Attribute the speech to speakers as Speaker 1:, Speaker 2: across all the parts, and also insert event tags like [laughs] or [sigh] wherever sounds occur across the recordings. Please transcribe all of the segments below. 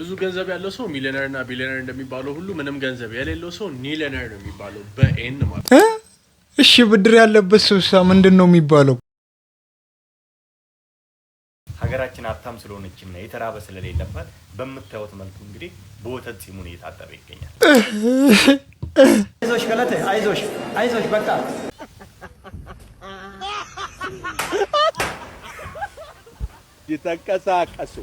Speaker 1: ብዙ ገንዘብ ያለው ሰው ሚሊዮነር እና ቢሊዮነር እንደሚባለው ሁሉ ምንም ገንዘብ የሌለው ሰው ኒሊዮነር ነው የሚባለው በኤን ማለት
Speaker 2: እሺ። ብድር ያለበት ስብሳ ምንድን ነው የሚባለው?
Speaker 1: ሀገራችን ሀብታም ስለሆነችና የተራበ ስለሌለበት በምታዩት መልኩ እንግዲህ በወተት ሲሙን እየታጠበ ይገኛል። አይዞሽ ገለት አይዞሽ፣ አይዞሽ በቃ
Speaker 3: የተንቀሳቀሱ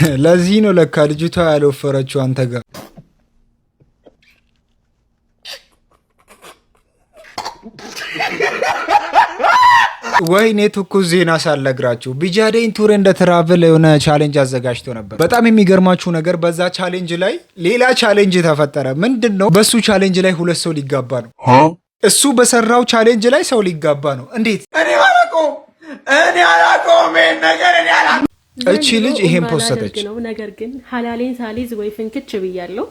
Speaker 2: [laughs] ለዚህ ነው ለካ ልጅቷ ያለወፈረችው አንተ ጋር። ወይኔ ትኩስ ዜና ሳልነግራችሁ ቢጃደኝ ቱር እንደ ትራቭል የሆነ ቻሌንጅ አዘጋጅቶ ነበር። በጣም የሚገርማችሁ ነገር በዛ ቻሌንጅ ላይ ሌላ ቻሌንጅ ተፈጠረ። ምንድን ነው? በሱ ቻሌንጅ ላይ ሁለት ሰው ሊጋባ ነው። እሱ በሰራው ቻሌንጅ ላይ ሰው ሊጋባ ነው። እንዴት?
Speaker 4: እኔ አላውቀውም፣ እኔ አላውቀውም ነገር እኔ
Speaker 2: እቺ ልጅ ይሄን
Speaker 5: ፖሰተች ነው። ነገር ግን ሀላሌን ሳሊዝ ወይ ፍንክች ብያለሁ።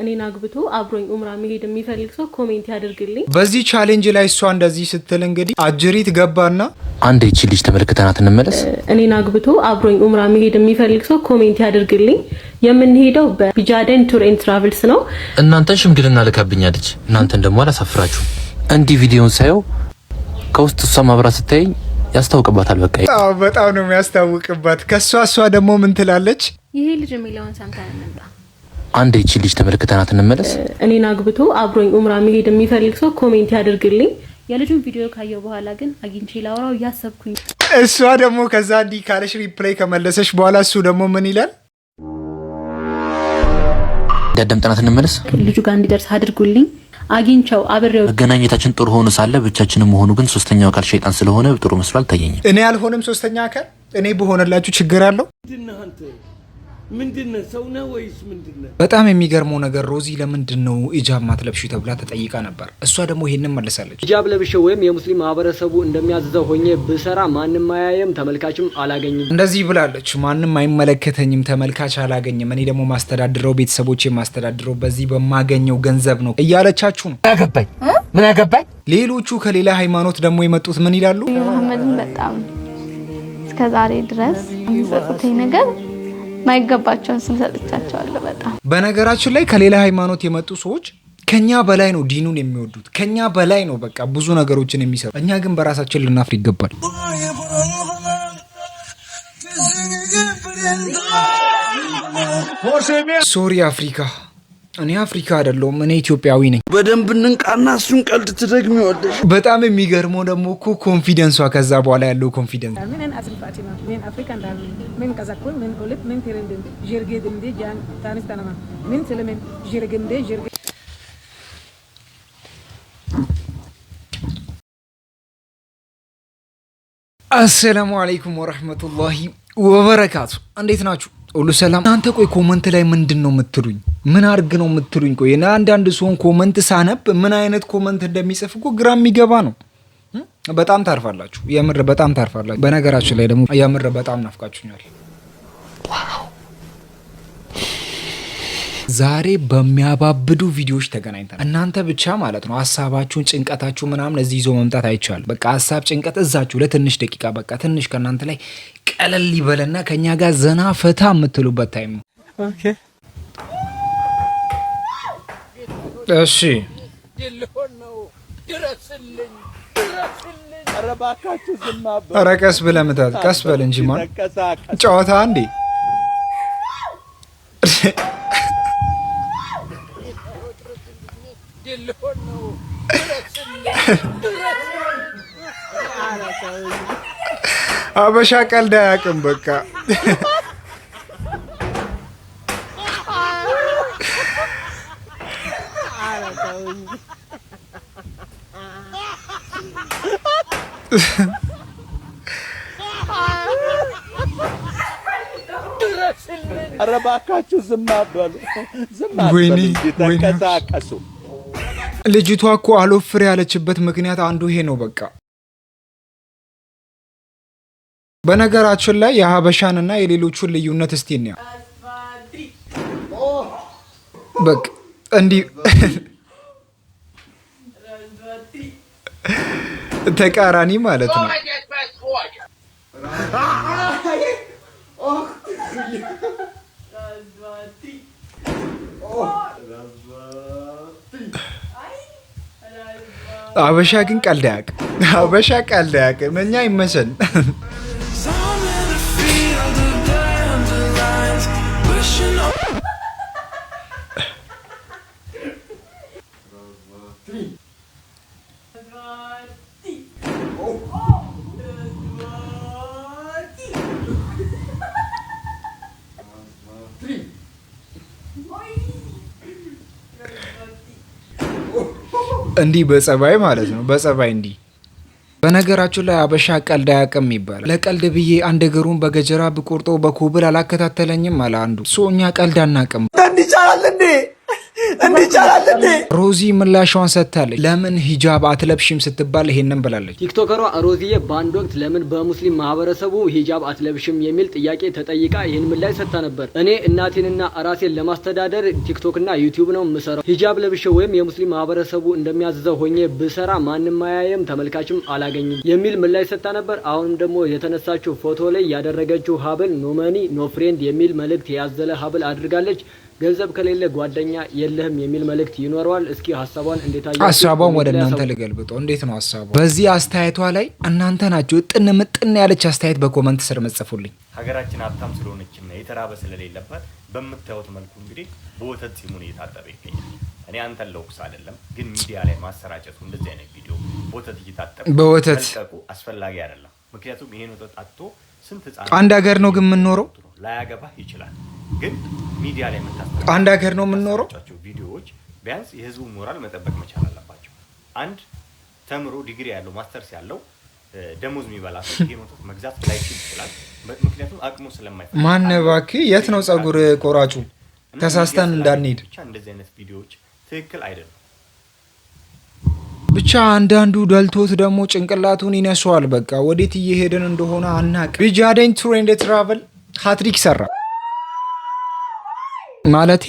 Speaker 5: እኔን አግብቶ አብሮኝ ኡምራ መሄድ የሚፈልግ ሰው ኮሜንት ያድርግልኝ።
Speaker 2: በዚህ ቻሌንጅ ላይ እሷ እንደዚህ ስትል እንግዲህ አጅሪት ገባና አንድ እቺ ልጅ ተመልክተናት እንመለስ።
Speaker 5: እኔን አግብቶ አብሮኝ ኡምራ መሄድ የሚፈልግ ሰው ኮሜንት ያድርግልኝ። የምንሄደው በቢጃደን ቱር ኤንድ ትራቭልስ ነው።
Speaker 2: እናንተን ሽምግልና ልካብኛለች። እናንተን ደግሞ አላሳፍራችሁ እንዲህ ቪዲዮን ሳየው ከውስጥ እሷ ማብራት ስታየኝ ያስታውቅባታል። በቃ በጣም ነው የሚያስታውቅባት። ከእሷ እሷ ደግሞ ምን ትላለች?
Speaker 5: ይሄ ልጅ የሚለውን ሰምተን እንምጣ።
Speaker 2: አንድ ይቺ ልጅ ተመልክተናት እንመለስ።
Speaker 5: እኔን አግብቶ አብሮኝ ኡምራ መሄድ የሚፈልግ ሰው ኮሜንት ያደርግልኝ። የልጁን ቪዲዮ ካየው በኋላ ግን አግኝቼ ላውራው እያሰብኩኝ።
Speaker 2: እሷ ደግሞ ከዛ እንዲህ ካለሽ ሪፕላይ ከመለሰች በኋላ እሱ ደግሞ ምን ይላል? አዳምጠናት እንመለስ።
Speaker 5: ልጁ ጋር እንዲደርስ አድርጉልኝ። አግኝቸው አብሬው
Speaker 2: መገናኘታችን ጥሩ ሆኖ ሳለ ብቻችንም መሆኑ ግን ሶስተኛው አካል ሸይጣን ስለሆነ ጥሩ መስሎ አልታየኝም። እኔ አልሆንም ሶስተኛ አካል እኔ በሆነላችሁ ችግር አለው
Speaker 4: ምንድነው ሰው ወይስ ምንድነው?
Speaker 2: በጣም የሚገርመው ነገር ሮዚ ለምንድን ነው ኢጃብ ማትለብሽ ተብላ ተጠይቃ ነበር። እሷ ደግሞ ይሄንን መልሳለች።
Speaker 1: ኢጃብ ለብሼ ወይም የሙስሊም ማህበረሰቡ እንደሚያዝዘው ሆኜ ብሰራ ማንም አያየም፣ ተመልካችም አላገኝም
Speaker 2: እንደዚህ ብላለች። ማንም አይመለከተኝም፣ ተመልካች አላገኝም፣ እኔ ደግሞ ማስተዳድረው ቤተሰቦች የማስተዳድረው በዚህ በማገኘው ገንዘብ ነው እያለቻችሁ ነው። ያገባኝ ምን ያገባኝ። ሌሎቹ ከሌላ ሃይማኖት ደግሞ የመጡት ምን
Speaker 5: ይላሉ? መሐመድን በጣም እስከዛሬ ድረስ የሚጸጽተኝ ነገር ማይገባቸውን ስም ሰጥቻቸዋለሁ።
Speaker 2: በጣም በነገራችን ላይ ከሌላ ሃይማኖት የመጡ ሰዎች ከኛ በላይ ነው ዲኑን የሚወዱት፣ ከኛ በላይ ነው በቃ ብዙ ነገሮችን የሚሰሩ። እኛ ግን በራሳችን ልናፍር ይገባል። ሶሪ አፍሪካ እኔ አፍሪካ አይደለሁም፣ እኔ ኢትዮጵያዊ ነኝ። በደንብ እንንቃና እሱን ቀልድ ትደግሚዋለሽ። በጣም የሚገርመው ደግሞ እኮ ኮንፊደንሷ፣ ከዛ በኋላ ያለው ኮንፊደንስ አሰላሙ አለይኩም ወረህመቱላሂ ወበረካቱ። እንዴት ናችሁ? ሁሉ ሰላም እናንተ? ቆይ ኮመንት ላይ ምንድን ነው የምትሉኝ? ምን አድርግ ነው የምትሉኝ? ቆይ እና አንዳንድ ሰውን ኮመንት ሳነብ ምን አይነት ኮመንት እንደሚጽፍ እኮ ግራ የሚገባ ነው። በጣም ታርፋላችሁ፣ የምር በጣም ታርፋላችሁ። በነገራችን ላይ ደግሞ የምር በጣም ናፍቃችሁኛል። ዛሬ በሚያባብዱ ቪዲዮዎች ተገናኝተናል። እናንተ ብቻ ማለት ነው ሀሳባችሁን፣ ጭንቀታችሁ ምናምን እዚህ ይዞ መምጣት አይቻልም። በቃ ሀሳብ፣ ጭንቀት እዛችሁ ለትንሽ ደቂቃ በቃ ትንሽ ከእናንተ ላይ ቀለል ይበለና ከእኛ ጋር ዘና ፈታ የምትሉበት ታይም ነው። እሺ ኧረ ቀስ ብለህ ምታት። ቀስ በል እንጂ ማን ጨዋታ እንዴ! አበሻ ቀልድ አያውቅም። በቃ
Speaker 3: ኧረ እባካችሁ ዝም አትበሉ፣
Speaker 2: ዝም አትበሉ ተንቀሳቀሱ። ልጅቷ እኮ አልወፍር ያለችበት ምክንያት አንዱ ይሄ ነው። በቃ በነገራችን ላይ የሀበሻንና የሌሎቹን ልዩነት እስቲ እንያ በቃ እንዲህ ተቃራኒ ማለት ነው። አበሻ ግን ቀልድ አያውቅም። አበሻ ቀልድ አያውቅም። እኛ ይመሰል እንዲህ በጸባይ ማለት ነው። በጸባይ እንዲህ በነገራችሁ ላይ አበሻ ቀልድ አያውቅም ይባላል። ለቀልድ ብዬ አንድ እግሩን በገጀራ ብቆርጦ በኮብል አላከታተለኝም አለ አንዱ። እኛ ቀልድ አናውቅም ይቻላል እንዴ? እንዲቻላል ሮዚ ምላሿን ሰጥታለች። ለምን ሂጃብ አትለብሽም ስትባል ይሄንን ብላለች።
Speaker 1: ቲክቶከሯ ሮዚዬ በአንድ ወቅት ለምን በሙስሊም ማህበረሰቡ ሂጃብ አትለብሽም የሚል ጥያቄ ተጠይቃ ይህን ምላሽ ሰጥታ ነበር። እኔ እናቴንና ራሴን ለማስተዳደር ቲክቶክና ዩቲዩብ ነው የምሰራው። ሂጃብ ለብሼ ወይም የሙስሊም ማህበረሰቡ እንደሚያዝዘው ሆኜ ብሰራ ማንም አያየም፣ ተመልካችም አላገኝም የሚል ምላሽ ሰጥታ ነበር። አሁንም ደግሞ የተነሳችው ፎቶ ላይ ያደረገችው ሀብል ኖመኒ መኒ የሚል መልእክት ያዘለ ሀብል አድርጋለች። ገንዘብ ከሌለ ጓደኛ የለህም የሚል መልእክት ይኖረዋል። እስኪ ሀሳቧን እንዴት
Speaker 2: ሀሳቧን ወደ እናንተ ልገልብጠው። እንዴት ነው ሀሳቧ? በዚህ አስተያየቷ ላይ እናንተ ናችሁ እጥን ምጥን ያለች አስተያየት በኮመንት ስር መጽፉልኝ።
Speaker 1: ሀገራችን ሀብታም ስለሆነችና የተራበ ስለሌለባት በምታዩት መልኩ እንግዲህ በወተት ፂሙን እየታጠበ ይገኛል። እኔ አንተ ለውቅስ አይደለም፣ ግን ሚዲያ ላይ ማሰራጨቱ እንደዚህ አይነት ቪዲዮ በወተት እየታጠበ በወተት አስፈላጊ አይደለም። ምክንያቱም ይሄን ወተት አጥቶ ስንት
Speaker 2: ህጻናት አንድ ሀገር ነው ግን የምንኖረው።
Speaker 1: ላያገባህ ይችላል ግን ሚዲያ ላይ
Speaker 2: የምታስተላልፉ አንድ ሀገር ነው የምንኖረው
Speaker 1: ቪዲዮዎች ቢያንስ የህዝቡ ሞራል መጠበቅ መቻል አለባቸው። አንድ ተምሮ ዲግሪ ያለው ማስተርስ ያለው ደሞዝ የሚበላ ሰው መግዛት ላይችል ይችላል። ምክንያቱም አቅሙ ስለማይፈ
Speaker 2: ማነባክ የት ነው ጸጉር ቆራጩ ተሳስተን እንዳንሄድ ብቻ እንደዚህ አይነት ቪዲዮዎች ትክክል አይደለም። ብቻ አንዳንዱ ደልቶት ደግሞ ጭንቅላቱን ይነሷል። በቃ ወዴት እየሄድን እንደሆነ አናቅ። ቢጃደኝ ቱር ኤንድ ትራቨል ሀትሪክ ሰራ። ማለቴ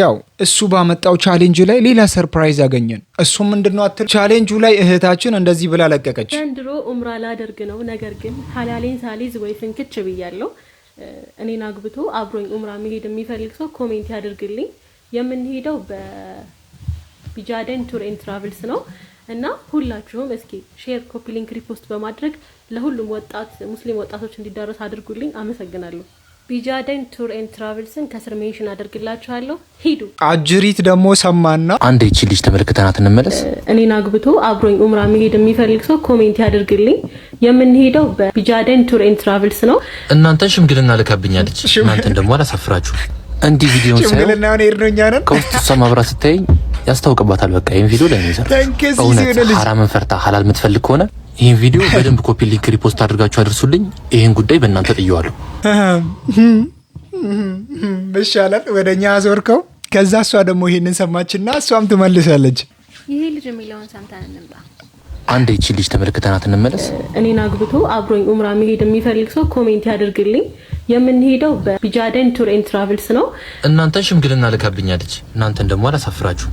Speaker 2: ያው እሱ ባመጣው ቻሌንጅ ላይ ሌላ ሰርፕራይዝ ያገኘን። እሱ ምንድነው አትል ቻሌንጁ ላይ እህታችን እንደዚህ ብላ ለቀቀች።
Speaker 5: ዘንድሮ ኡምራ ላደርግ ነው፣ ነገር ግን ሀላሌን ሳሊዝ ወይ ፍንክች ብያለሁ። እኔን አግብቶ አብሮኝ ኡምራ መሄድ የሚፈልግ ሰው ኮሜንት ያደርግልኝ። የምንሄደው በቢጃደን ቱር ኤንድ ትራቭልስ ነው እና ሁላችሁም እስኪ ሼር፣ ኮፒ ሊንክ፣ ሪፖስት በማድረግ ለሁሉም ወጣት ሙስሊም ወጣቶች እንዲዳረስ አድርጉልኝ። አመሰግናለሁ። ቢጃደን ቱር ኤንድ ትራቨልስን ከስር ሜንሽን አደርግላችኋለሁ። ሂዱ።
Speaker 2: አጅሪት ደግሞ ሰማና አንድ ይቺ ልጅ ተመልክተናት እንመለስ።
Speaker 5: እኔን አግብቶ አብሮኝ ኡምራ መሄድ የሚፈልግ ሰው ኮሜንት ያደርግልኝ። የምንሄደው በቢጃደን ቱር ኤንድ ትራቨልስ ነው።
Speaker 2: እናንተን ሽምግልና ልካብኛለች። እናንተን ደግሞ አላሳፍራችሁ። እንዲህ ቪዲዮን ሆነ ሄድነኛንን ከውስጥ እሷ ማብራት ስታይኝ ያስታውቅባታል። በቃ ይህን ቪዲዮ ላይ ነው ይዘር ሀራምን ፈርታ ሀላል የምትፈልግ ከሆነ ይህን ቪዲዮ በደንብ ኮፒ ሊንክ ሪፖስት አድርጋችሁ አድርሱልኝ። ይህን ጉዳይ በእናንተ ጥየዋለሁ። ይሻላል ወደ እኛ አዞርከው። ከዛ እሷ ደግሞ ይህንን ሰማችና እሷም ትመልሳለች። ይሄ ልጅ የሚለውን ሰምተን እንምጣ። አንድ ይቺ ልጅ ተመልክተናት እንመለስ።
Speaker 5: እኔን አግብቶ አብሮኝ ኡምራ መሄድ የሚፈልግ ሰው ኮሜንት ያደርግልኝ። የምንሄደው በቢጃደን ቱር ኤንድ ትራቭልስ ነው።
Speaker 2: እናንተን ሽምግልና ልካብኛለች። እናንተን ደግሞ አላሳፍራችሁ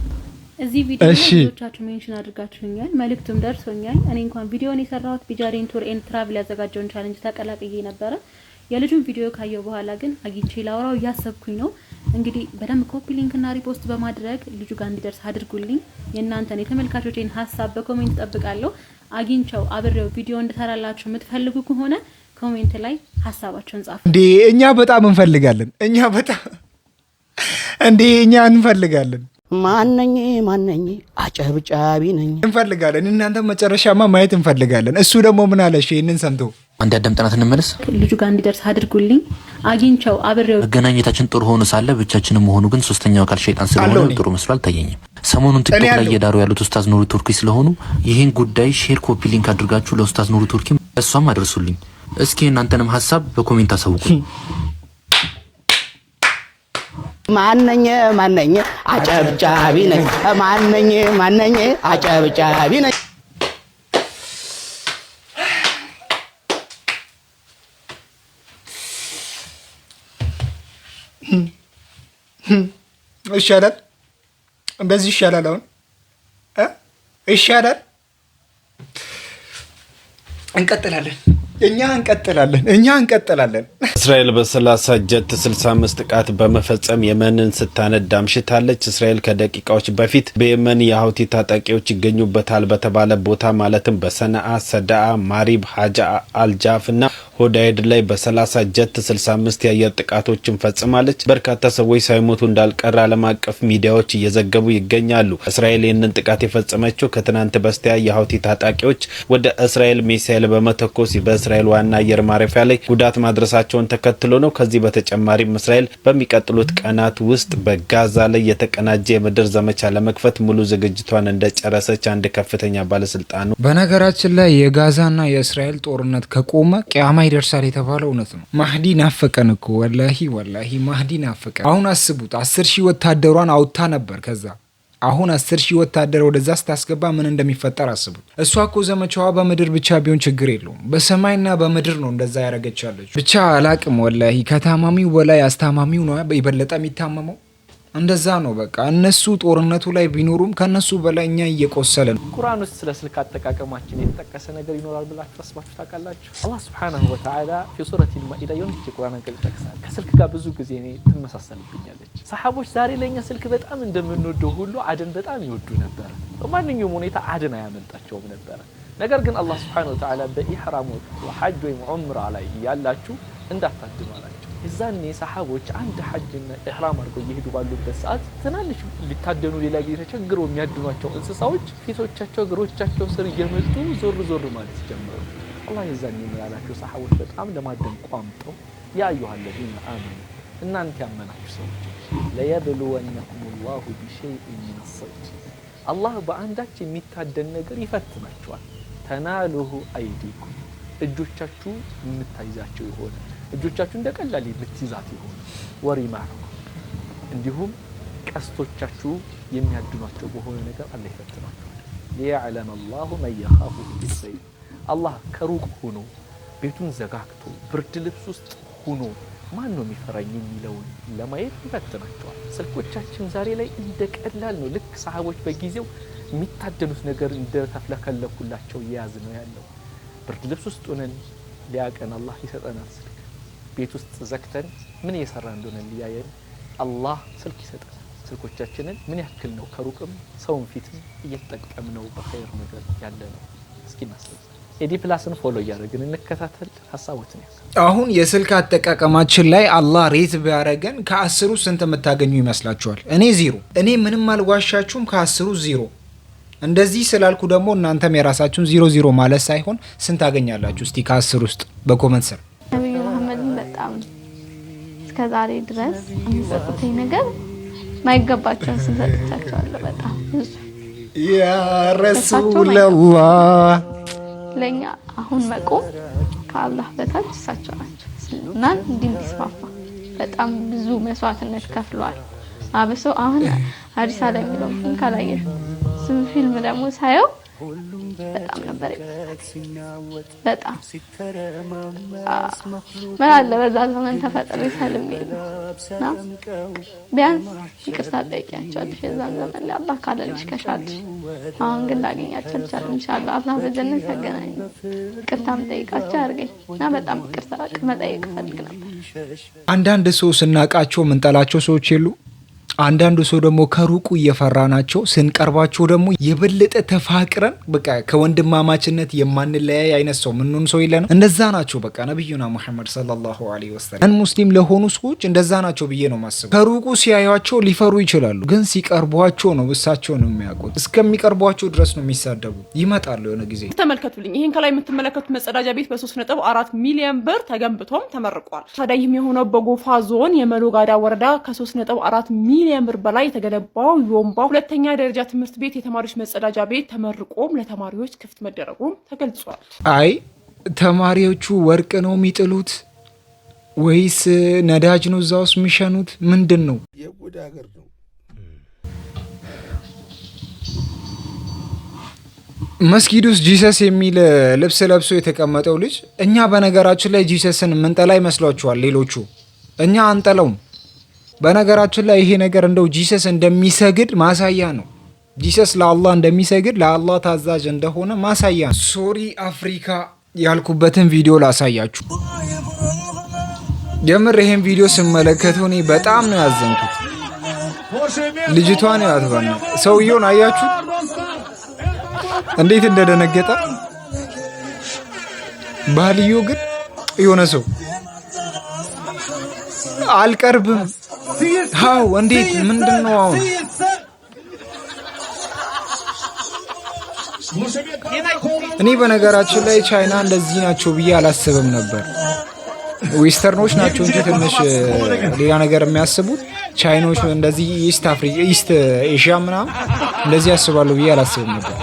Speaker 5: እዚህ ቪዲዮ ልጆቻችሁ ሜንሽን አድርጋችሁኛል፣ መልእክቱም ደርሶኛል። እኔ እንኳን ቪዲዮን የሰራሁት ቢጃሬን ቱር ኤንድ ትራቭል ያዘጋጀውን ቻለንጅ ተቀላቅዬ ነበረ። የልጁን ቪዲዮ ካየው በኋላ ግን አግኝቼ ላውራው እያሰብኩኝ ነው። እንግዲህ በደንብ ኮፒ ሊንክና ሪፖስት በማድረግ ልጁ ጋር እንዲደርስ አድርጉልኝ። የእናንተን የተመልካቾቼን ሀሳብ በኮሜንት ጠብቃለሁ። አግኝቸው አብሬው ቪዲዮ እንድሰራላችሁ የምትፈልጉ ከሆነ ኮሜንት ላይ ሀሳባቸውን ጻፉ።
Speaker 2: እንዴ እኛ በጣም እንፈልጋለን። እኛ በጣም እንዴ እኛ እንፈልጋለን
Speaker 3: ማነኝ ማነኝ አጨብጫቢ
Speaker 2: ነኝ። እንፈልጋለን እናንተ መጨረሻማ ማየት እንፈልጋለን። እሱ ደግሞ ምን አለሽ? ይህንን ሰምቶ አንድ ጥናት እንመለስ።
Speaker 5: ልጁ ጋር እንዲደርስ አድርጉልኝ። አግኝቸው አብሬው
Speaker 2: መገናኘታችን ጥሩ ሆኖ ሳለ ብቻችን መሆኑ ግን ሶስተኛው አካል ሸይጣን ስለሆነ ጥሩ መስሎ አልታየኝም። ሰሞኑን ቲክቶክ ላይ እየዳሩ ያሉት ኡስታዝ ኑሩ ቱርኪ ስለሆኑ ይህን ጉዳይ ሼር፣ ኮፒ ሊንክ አድርጋችሁ ለኡስታዝ ኑሩ ቱርኪ እሷም አድርሱልኝ። እስኪ እናንተንም ሀሳብ በኮሜንት አሳውቁ። [laughs] ማነኝ ማነኝ አጨብጫቢ ነኝ ማነኝ ማነኝ አጨብጫቢ ነኝ። ይሻላል፣ እንደዚህ ይሻላል። አሁን ይሻላል። እንቀጥላለን። እኛ እንቀጥላለን፣ እኛ እንቀጥላለን። እስራኤል በሰላሳ ጀት 65 ጥቃት በመፈጸም የመንን ስታነድ አምሽታለች። እስራኤል ከደቂቃዎች በፊት በየመን የሀውቲ ታጣቂዎች ይገኙበታል በተባለ ቦታ ማለትም በሰነአ፣ ሰዳአ፣ ማሪብ፣ ሀጃ፣ አልጃፍ እና ሆዳይድ ላይ በ30 ጀት 65 የአየር ጥቃቶችን ፈጽማለች። በርካታ ሰዎች ሳይሞቱ እንዳልቀረ ዓለም አቀፍ ሚዲያዎች እየዘገቡ ይገኛሉ። እስራኤል ይህንን ጥቃት የፈጸመችው ከትናንት በስቲያ የሀውቲ ታጣቂዎች ወደ እስራኤል ሚሳኤል በመተኮስ በእስራኤል ዋና አየር ማረፊያ ላይ ጉዳት ማድረሳቸውን ተከትሎ ነው። ከዚህ በተጨማሪም እስራኤል በሚቀጥሉት ቀናት ውስጥ በጋዛ ላይ የተቀናጀ የምድር ዘመቻ ለመክፈት ሙሉ ዝግጅቷን እንደጨረሰች አንድ ከፍተኛ ባለስልጣን ነው። በነገራችን ላይ የጋዛና የእስራኤል ጦርነት ከቆመ ቅያማ ይደርሳል የተባለው እውነት ነው። ማህዲ ናፈቀን እኮ ወላሂ ወላሂ ማህዲ ናፈቀን። አሁን አስቡት አስር ሺህ ወታደሯን አውጥታ ነበር ከዛ አሁን አስር ሺህ ወታደር ወደዛ ስታስገባ ምን እንደሚፈጠር አስቡት። እሷ እኮ ዘመቻዋ በምድር ብቻ ቢሆን ችግር የለውም በሰማይና በምድር ነው እንደዛ ያደረገች ያለች። ብቻ አላቅም ወላሂ ከታማሚው በላይ አስታማሚው ነው የበለጠ የሚታመመው። እንደዛ ነው በቃ። እነሱ ጦርነቱ ላይ ቢኖሩም ከነሱ በላይ እኛ እየቆሰለ
Speaker 1: ነው። ቁርአን ውስጥ ስለ ስልክ አጠቃቀማችን የተጠቀሰ ነገር ይኖራል ብላችሁ አስባችሁ ታውቃላችሁ? አላህ ሱብሓነሁ ወተዓላ ፊ ሱረት ልማኢዳ የሆነች የቁርአን አንቀጽ ይጠቅሳል። ከስልክ ጋር ብዙ ጊዜ እኔ ትመሳሰልብኛለች። ሰሓቦች ዛሬ ለእኛ ስልክ በጣም እንደምንወደው ሁሉ አደን በጣም ይወዱ ነበረ። በማንኛውም ሁኔታ አደን አያመልጣቸውም ነበረ። ነገር ግን አላህ ሱብሓነሁ ወተዓላ በኢሕራም ወቅት ሐጅ ወይም ዑምራ ላይ ያላችሁ እንዳታድኑ የዛኔ ሰሓቦች አንድ ሐጅና እህራም አድርገው እየሄዱ ባሉበት ሰዓት ትናንሽ ሊታደኑ ሌላ ጊዜ ተቸግረው የሚያድኗቸው እንስሳዎች ፊቶቻቸው፣ እግሮቻቸው ስር እየመጡ ዞር ዞር ማለት ጀመሩ። አላህ የዛኔ የምላላቸው ሰሓቦች በጣም ለማደን ቋምጠው ያ ለዚነ አመኑ እናንተ ያመናችሁ ሰዎች ለየብልወነኩም ላሁ ቢሸይእ ምን ሰይድ አላህ በአንዳች የሚታደን ነገር ይፈትናቸዋል። ተናልሁ አይዲኩም እጆቻችሁ የምታይዛቸው ይሆናል እጆቻችሁ እንደ ቀላል ብትይዛት ይሆን ወር እንዲሁም ቀስቶቻችሁ የሚያድኗቸው በሆነ ነገር አላህ ይፈትናቸው። ሊያዕለም አላሁ መን የኻፉሁ ቢሰይፍ አላህ ከሩቅ ሆኖ ቤቱን ዘጋግቶ ብርድ ልብስ ውስጥ ሆኖ ማን ነው የሚፈራኝ የሚለውን ለማየት ይፈትናቸዋል። ስልኮቻችን ዛሬ ላይ እንደ ቀላል ነው። ልክ ሰሃቦች በጊዜው የሚታደኑት ነገር እንደተፍለከለኩላቸው እየያዝ ነው ያለው። ብርድ ልብስ ውስጥ ሆነን ሊያቀን አላህ ይሰጠናል። ቤት ውስጥ ዘግተን ምን እየሰራ እንደሆነ ሊያየን አላህ ስልክ ይሰጠን። ስልኮቻችንን ምን ያክል ነው ከሩቅም ሰውን ፊትም እየተጠቀም ነው በኸይር ነገር ያለ ነው? እስኪ እናስብ። ኤዲ ፕላስን ፎሎ እያደረግን እንከታተል። ሀሳቦትን
Speaker 2: ያ አሁን የስልክ አጠቃቀማችን ላይ አላህ ሬት ቢያደረገን ከአስሩ ስንት የምታገኙ ይመስላችኋል? እኔ ዜሮ። እኔ ምንም አልዋሻችሁም፣ ከአስሩ ዜሮ። እንደዚህ ስላልኩ ደግሞ እናንተም የራሳችሁን ዜሮ ዜሮ ማለት ሳይሆን ስንት ታገኛላችሁ? እስቲ ከአስር ውስጥ በኮመንት ስር
Speaker 5: በጣም እስከ ዛሬ ድረስ የሚሰጡትኝ ነገር ማይገባቸውን ስንሰጥቻቸዋለሁ። በጣም ያ ለእኛ አሁን መቆም ከአላህ በታች እሳቸው ናቸው። እስልምናን እንዲህ እንዲስፋፋ በጣም ብዙ መስዋዕትነት ከፍለዋል። አብሶ አሁን አዲስ ላይ የሚለው ፊልም ስም ፊልም ደግሞ ሳየው በጣም ነበር በጣም ምን አለ በዛ ዘመን ተፈጥሮ ይፈልም ቢያንስ ይቅርታ ጠይቂያቸዋለሽ። የዛን ዘመን ላይ አላህ ካለልሽ አሁን ግን ላገኛቸው አላህ በጀነት ያገናኝ። ጠይቃቸው አድርገኝ እና በጣም መጠየቅ ነበር።
Speaker 2: አንዳንድ ሰው ስናቃቸው ምንጠላቸው ሰዎች የሉ አንዳንዱ ሰው ደግሞ ከሩቁ እየፈራ ናቸው። ስንቀርባቸው ደግሞ የበለጠ ተፋቅረን በቃ ከወንድማማችነት የማንለያይ አይነት ሰው ምንም ሰው ነው። እንደዛ ናቸው በቃ ነቢዩና ሙሐመድ ሰለላሁ ዐለይሂ ወሰለም ሙስሊም ለሆኑ ሰዎች እንደዛ ናቸው ብዬ ነው ማስበው። ከሩቁ ሲያዩቸው ሊፈሩ ይችላሉ፣ ግን ሲቀርቧቸው ነው እሳቸው ነው የሚያውቁት። እስከሚቀርቧቸው ድረስ ነው የሚሳደቡ። ይመጣሉ የሆነ ጊዜ።
Speaker 5: ተመልከቱልኝ፣ ይህን ከላይ የምትመለከቱት መጸዳጃ ቤት በሶስት ነጥብ አራት ሚሊዮን ብር ተገንብቶም ተመርቋል። ይህም የሆነው በጎፋ ዞን የመሎጋዳ ወረዳ ከሶስት ነጥብ አራት ሚሊዮን ከሚሊየን ብር በላይ የተገነባው ዮምባ ሁለተኛ ደረጃ ትምህርት ቤት የተማሪዎች መጸዳጃ ቤት ተመርቆም ለተማሪዎች ክፍት መደረጉም ተገልጿል።
Speaker 2: አይ ተማሪዎቹ ወርቅ ነው የሚጥሉት ወይስ ነዳጅ ነው እዛ ውስጥ የሚሸኑት? ምንድን ነው? የጎዳ ሀገር ነው። መስጊድ ውስጥ ጂሰስ የሚል ልብስ ለብሶ የተቀመጠው ልጅ እኛ በነገራችን ላይ ጂሰስን የምንጠላ ይመስሏችኋል? ሌሎቹ እኛ አንጠለውም። በነገራችን ላይ ይሄ ነገር እንደው ጂሰስ እንደሚሰግድ ማሳያ ነው። ጂሰስ ለአላህ እንደሚሰግድ ለአላህ ታዛዥ እንደሆነ ማሳያ ነው። ሶሪ አፍሪካ ያልኩበትን ቪዲዮ ላሳያችሁ። የምር ይሄን ቪዲዮ ስመለከተው እኔ በጣም ነው ያዘንኩት። ልጅቷን ያትባና ሰውየውን አያችሁ እንዴት እንደደነገጠ። ባልዮ ግን የሆነ ሰው አልቀርብም። ሀው እንዴት? ምንድን ነው አሁን? እኔ በነገራችን ላይ ቻይና እንደዚህ ናቸው ብዬ አላስብም ነበር። ዌስተርኖች ናቸው እንጂ ትንሽ ሌላ ነገር የሚያስቡት ቻይኖች እንደዚህ ኢስት አፍሪ ኢስት ኤሽያ ምናምን እንደዚህ ያስባሉ ብዬ አላስብም ነበር።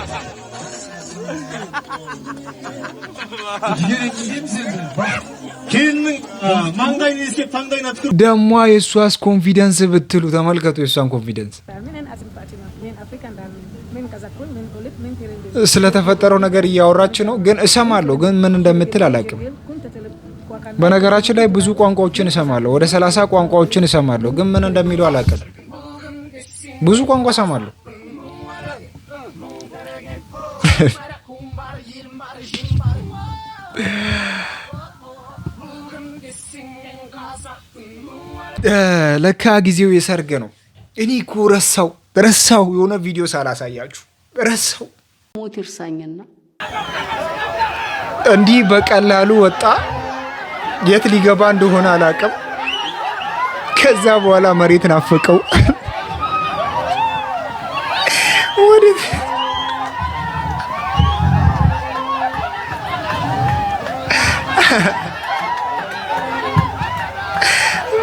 Speaker 2: ደሞ የእሷስ ኮንፊደንስ ብትሉ ተመልከቱ፣ የእሷን ኮንፊደንስ ስለተፈጠረው ነገር እያወራች ነው። ግን እሰማለሁ፣ ግን ምን እንደምትል አላውቅም። በነገራችን ላይ ብዙ ቋንቋዎችን እሰማለሁ፣ ወደ ሰላሳ ቋንቋዎችን እሰማለሁ፣ ግን ምን እንደሚለው አላውቅም። ብዙ ቋንቋ እሰማለሁ። ለካ ጊዜው የሰርግ ነው። እኔ እኮ ረሳው ረሳው የሆነ ቪዲዮ ሳላሳያችሁ ረሳው። ሞት ይርሳኝና እንዲህ በቀላሉ ወጣ። የት ሊገባ እንደሆነ አላቅም ከዛ በኋላ መሬት ናፈቀው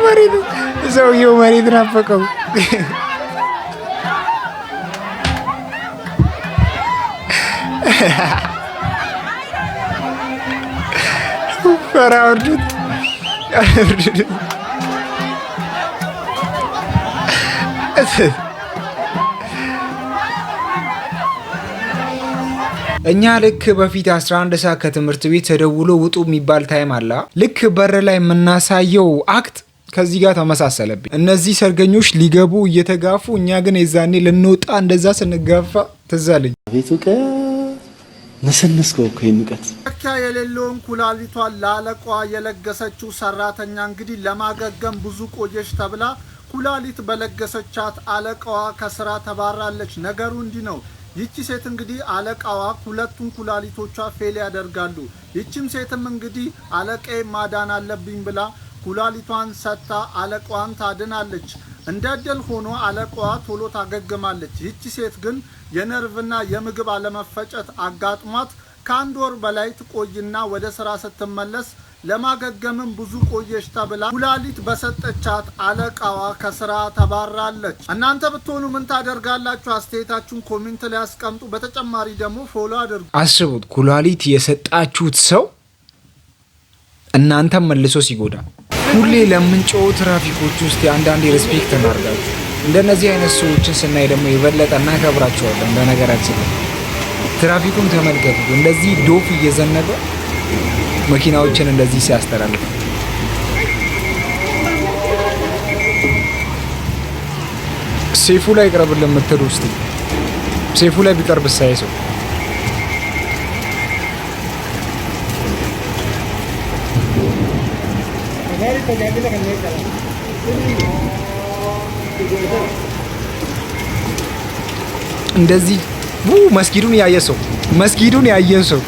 Speaker 2: መሬት ሰውየው መሬት ናፈቀው። ኧረ አውርዱት እኛ ልክ በፊት 11 ሰዓት ከትምህርት ቤት ተደውሎ ውጡ የሚባል ታይም አላ ልክ በር ላይ የምናሳየው አክት ከዚህ ጋር ተመሳሰለብኝ። እነዚህ ሰርገኞች ሊገቡ እየተጋፉ፣ እኛ ግን የዛኔ ልንወጣ እንደዛ ስንጋፋ ትዛለኝ። ቤቱ ቀ ነሰነስከው እኮ ይንቀት የሌለውን ኩላሊቷን ላለቋ የለገሰችው ሰራተኛ እንግዲህ ለማገገም ብዙ ቆየች ተብላ ኩላሊት በለገሰቻት አለቃዋ ከስራ ተባራለች። ነገሩ እንዲህ ነው። ይቺ ሴት እንግዲህ አለቃዋ ሁለቱን ኩላሊቶቿ ፌል ያደርጋሉ። ይቺም ሴትም እንግዲህ አለቄ ማዳን አለብኝ ብላ ኩላሊቷን ሰጥታ አለቃዋን ታድናለች። እንደ ሆኖ አለቃዋ ቶሎ ታገግማለች። ይቺ ሴት ግን የነርቭና የምግብ አለመፈጨት አጋጥሟት ከአንድ ወር በላይ ትቆይና ወደ ስራ ስትመለስ ለማገገምም ብዙ ቆየሽ ተብላ ኩላሊት በሰጠቻት አለቃዋ ከስራ ተባራለች። እናንተ ብትሆኑ ምን ታደርጋላችሁ? አስተያየታችሁን ኮሜንት ላይ አስቀምጡ። በተጨማሪ ደግሞ ፎሎ አድርጉ። አስቡት ኩላሊት የሰጣችሁት ሰው እናንተም መልሶ ሲጎዳ ሁሌ ለምንጮው ትራፊኮች ውስጥ የአንዳንድ ሪስፔክት እናርጋችሁ። እንደነዚህ አይነት ሰዎችን ስናይ ደግሞ የበለጠ እናከብራቸዋለን። በነገራችን ትራፊኩን ተመልከቱ። እንደዚህ ዶፍ እየዘነበ መኪናዎችን እንደዚህ ሲያስተላልፍ ሴፉ ላይ ቅረብ የምትሉ ውስጥ ሴፉ ላይ ቢቀርብ ሳይ ሰው እንደዚህ ው መስጊዱን ያየ ሰው መስጊዱን ያየ ሰው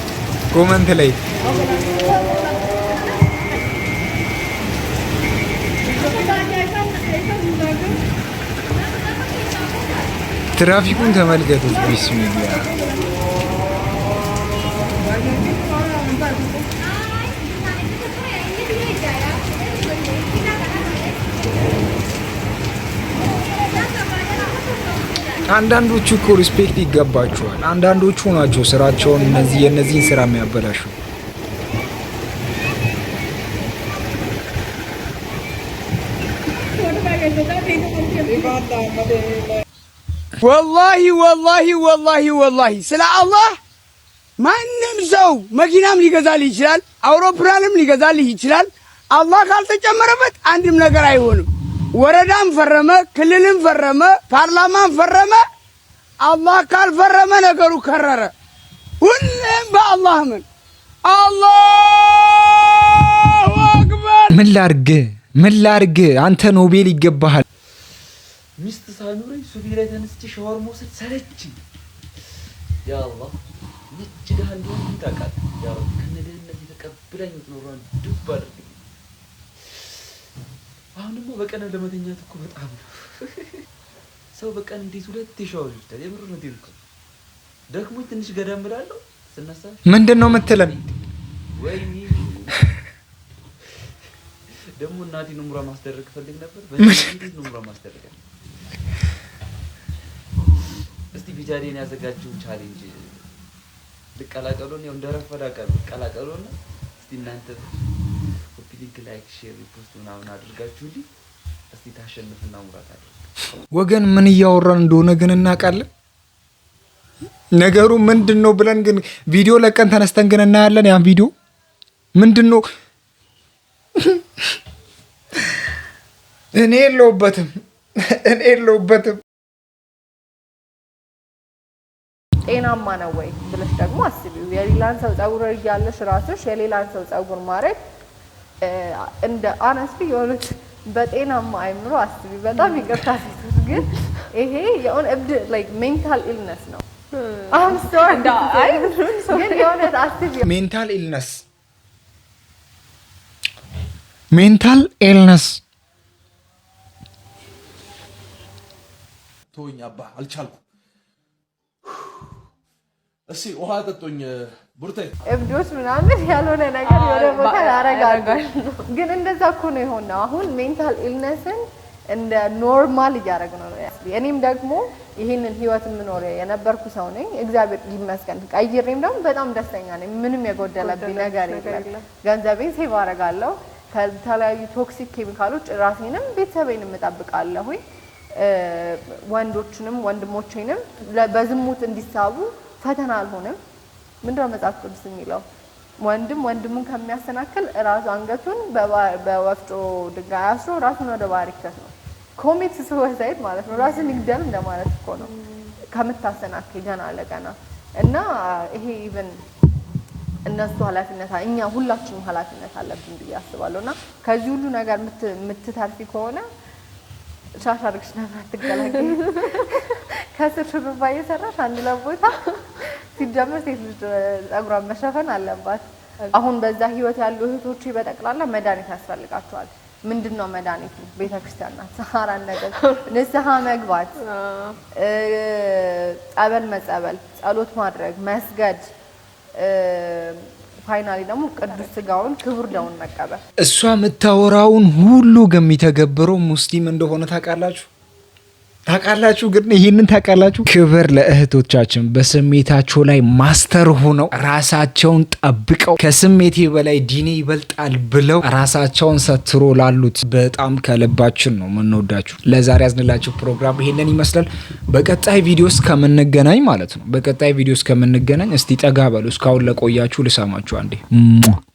Speaker 2: ኮመንት ላይ ትራፊኩን ተመልከቱት። ቢስሚላ አንዳንዶቹ እኮ ሪስፔክት ይገባቸዋል። አንዳንዶቹ ናቸው ስራቸውን እነዚህ የእነዚህን ስራ የሚያበላሹ። ወላሂ ወላሂ ወላሂ ወላሂ ስለ አላህ ማንም ሰው መኪናም ሊገዛልህ ይችላል፣ አውሮፕላንም ሊገዛልህ ይችላል። አላህ ካልተጨመረበት አንድም ነገር አይሆንም። ወረዳም ፈረመ፣ ክልልም ፈረመ፣ ፓርላማም ፈረመ። አላህ ካልፈረመ ነገሩ ከረረ። ሁሌም በአላህ ምን አላሁ አክበር። ምን ላርግ ምን ላርግ? አንተ ኖቤል ይገባሃል። ሚስት ሳይኖረኝ ሱቢ ላይ ተነስቼ ሻወር መውሰድ ሰለችኝ። ያአላህ አላህ ነጭ ድሃ እንደሆነ ታውቃለህ። ያ ረብ ከነደህነት የተቀብለኝ ኖሯን ዱብ አድርግ አሁን ደግሞ በቀን ለመተኛት እኮ በጣም ነው ሰው በቀን እንዴት ሁለት የሻወር ይወስዳል? ነው ይልኩ ደክሞኝ ትንሽ ገደም ብላለሁ ስነሳ ምንድን ነው የምትለን? ወይኔ ደግሞ እናቴ ኑምራ ማስደረግ ፈልግ ነበር። በእንዴት ኑምራ ማስደረግ እስቲ ቢቻሌን ያዘጋጀው ቻሌንጅ ልቀላቀሉን ያው እንደረፈዳቀሉ ቀላቀሉና እስቲ እናንተ ሊንክ፣ ላይክ፣ ሼር፣ ሪፖስት ምናምን አድርጋችሁልኝ እስቲ ታሸንፍና ሙራት አድርግ። ወገን ምን እያወራን እንደሆነ ግን እናውቃለን። ነገሩ ምንድን ነው ብለን ግን ቪዲዮ ለቀን ተነስተን ግን እናያለን። ያን ቪዲዮ ምንድን ነው እኔ የለውበትም፣ እኔ የለውበትም። ጤናማ ነው ወይ ብለሽ ደግሞ አስቢው። የሌላን ሰው ጸጉር እያለሽ ራስሽ የሌላን ሰው ጸጉር ማድረግ እንደ አነስቢ የሆነች በጤናማ አይምሮ አስቢ። በጣም ይቅርታ ሴቶች፣ ግን ይሄ የሆነ እብድ ላይክ ሜንታል ኢልነስ ነው። ሜንታል ኢልነስ ሜንታል ኢልነስ ተወኝ አባ አልቻልኩ። እስኪ ውሃ ጠጦኝ እብዶች ምናምን ያልሆነ ነገር የሆነ ቦታ ያረጋጋል። ግን እንደዛ እኮ ነው የሆነው። አሁን ሜንታል ኢልነስን እንደ ኖርማል እያደረግ ነው። እኔም ደግሞ ይህንን ህይወት የምኖር የነበርኩ ሰው ነኝ፣ እግዚአብሔር ይመስገን። ቀይሬም ደግሞ በጣም ደስተኛ ነኝ። ምንም የጎደለብኝ ነገር የለም። ገንዘቤን ሴቭ አረጋለሁ፣ ከተለያዩ ቶክሲክ ኬሚካሎች ራሴንም ቤተሰቤንም ወንዶችንም ወንድሞቼንም በዝሙት እንዲሳቡ ፈተና አልሆንም። ምንድን መጽሐፍ ቅዱስ የሚለው? ወንድም ወንድሙን ከሚያሰናክል ራሱ አንገቱን በወፍጮ ድንጋይ አስሮ ራሱን ወደ ባህር ይክተት ነው። ኮሚት ሱሳይድ ማለት ነው። ራሱን ይግደል እንደማለት እኮ ነው። ከምታሰናክል ገና ለገና እና ይሄ ኢቨን እነሱ ኃላፊነት እኛ ሁላችንም ኃላፊነት አለብን ብዬ አስባለሁ እና ከዚህ ሁሉ ነገር የምትተርፊ ከሆነ ሻሽ አድርግሽ ነበር አትገላገል [laughs] ከስር ሹሩባ እየሰራሽ አንድ ለቦታ ሲጀምር ሴት ልጅ ጸጉሯን መሸፈን አለባት። አሁን በዛ ህይወት ያሉ እህቶች በጠቅላላ መድኃኒት ያስፈልጋቸዋል። ምንድን ነው መድኃኒቱ? ቤተክርስቲያን ናት፣ ሰሃራን ነገር፣ ንስሐ መግባት፣ ጸበል መጸበል፣ ጸሎት ማድረግ፣ መስገድ ፋይናሊ ደግሞ ቅዱስ ስጋውን ክቡር ደሙን መቀበል። እሷ የምታወራውን ሁሉ ግን የሚተገብረው ሙስሊም እንደሆነ ታውቃላችሁ። ታውቃላችሁ ግን ይህንን ታውቃላችሁ። ክብር ለእህቶቻችን በስሜታቸው ላይ ማስተር ሆነው ራሳቸውን ጠብቀው ከስሜቴ በላይ ዲኔ ይበልጣል ብለው ራሳቸውን ሰትሮ ላሉት በጣም ከልባችን ነው የምንወዳችሁ። ለዛሬ ያዝንላችሁ ፕሮግራም ይሄንን ይመስላል። በቀጣይ ቪዲዮ እስከምንገናኝ ማለት ነው በቀጣይ ቪዲዮ እስከምንገናኝ እስቲ ጠጋ በሉ። እስካሁን ለቆያችሁ ልሳማችሁ አንዴ